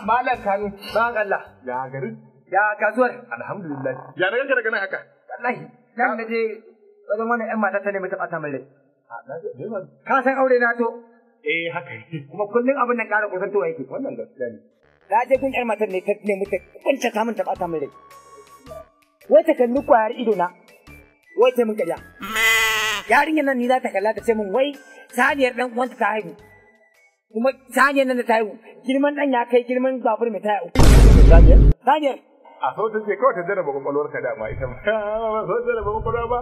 Malam Kano, Ya garin? Ya kasuwar. Alhamdulillah. Ya na ganka daga nan haka? Wallahi, nan da je wajen wannan ƴan mata ta ne mutum a min ka san aure na to eh haka kuma kullum abin nan ƙara kusantowa yake wannan gaskiya ne na je gun ƴar ne ta ne mutum kunce ta min taɓa ɓata wai ta kalli kwayar ido na wai ta mun ƙarya yarinyar nan ni za ta kalla ta ce min wai saniyar ɗan uwanta ta haihu kuma saniyar nan da ta haihu girman ɗan ya kai girman babur mai ta haihu. Saniyar? Saniyar. A so ta ce kawai ta jarraba kwakwalwarka dama ita ma. So ta jarraba kwakwalwa ba.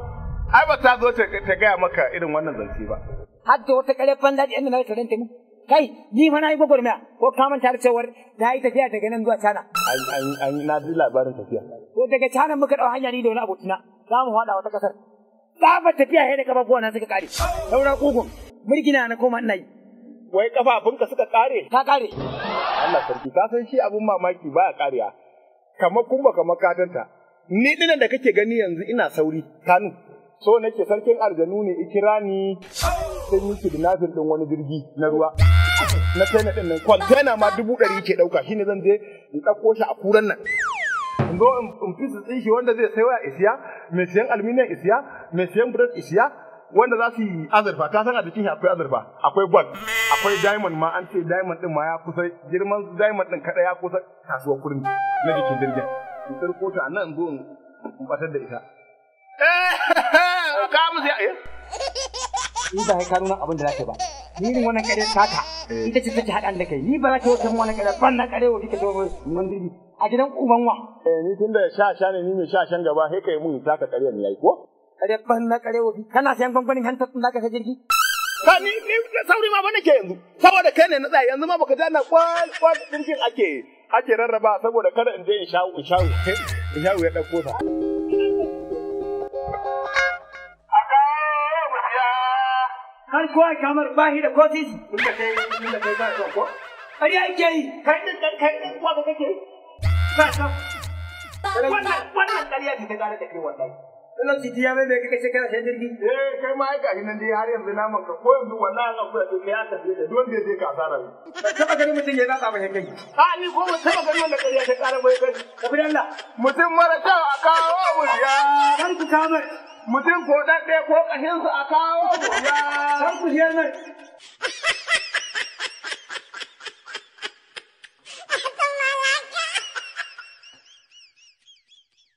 ai ba ta zo ta gaya maka irin wannan zance ba har da wata kare fan daɗi inda na rasa ranta mu kai ni fa na yi gwagwarmaya ko ka manta da cewar na yi tafiya daga nan zuwa cana an yi na ji labarin tafiya Ko daga cana muka ɗau hanya ni da wani abokina za mu faɗa wata ƙasar ba tafiya sai kaba buwa na suka ƙare saura kugun mirgina na koma ina yi wai ka suka ƙare ka ƙare Allah sarki ka san shi abun mamaki ya ƙariya kamar kuma kamar katanta ni dinan da kake gani yanzu ina sauri kanu so nake sarkin aljanu ne ikira ni sai yi kidnapping din wani jirgi na ruwa na tana din nan container ma dubu ɗari ke ɗauka shine zan je in ɗauko shi a kuran nan in zo in fisa tsinshi wanda zai sayo a isiya mai siyan aluminium isiya mai siyan bread isiya wanda za su yi azurfa ta san a jikin shi akwai azurfa akwai gold akwai diamond ma an ce diamond din ma ya kusa girman diamond din kada ya kusa kasuwar kurin na jikin jirgin in tsirko ta nan zo in batar da ita ka kawo musu yaye. Ni ba ya nuna abin da za ka ba. Ni irin wannan kare taka. Eh. Ita ce take haɗa da kai. Ni ba za ta wata wannan kare ban na kare wa kika zo wani a gidan uban wa. Eh ni tunda sha sha ne ni mai sha shan gaba sai kai mun taka kare ne yayi ko? Kare ban na kare wa kana sayan gwangwanin hanta tun da ka jirgi. ka ni ni da sauri ma bane ke yanzu saboda kai ne na tsaya yanzu ma baka ji ana kwal kwal dinkin ake ake rarraba saboda kada in je in shawo in shawo in shawo ya dauko sa har kowa kamar bahi da kotis inda da kai mun da kai ba to ko ari ake yi kai da kai din kuwa ka kake ba to wannan wannan kariya ce ta ƙara da kai wallahi Ina titi ya mai kai sai kana sai jirgi. Eh kai ma ai gashi nan dai har yanzu na ka ko yanzu wallahi Allah kuwa kai ya tafi da don da zai ka asara ne. ka Saba gari mutun yana zaba mai kai. A ni ko mu saba gari wannan kariya ta ƙara mai kai. bi Allah. Mutum mara kyau a kawo wuya. Kar ku kamar. mutum ko ɗaɗɗe ko ƙashinsu a kawo ya san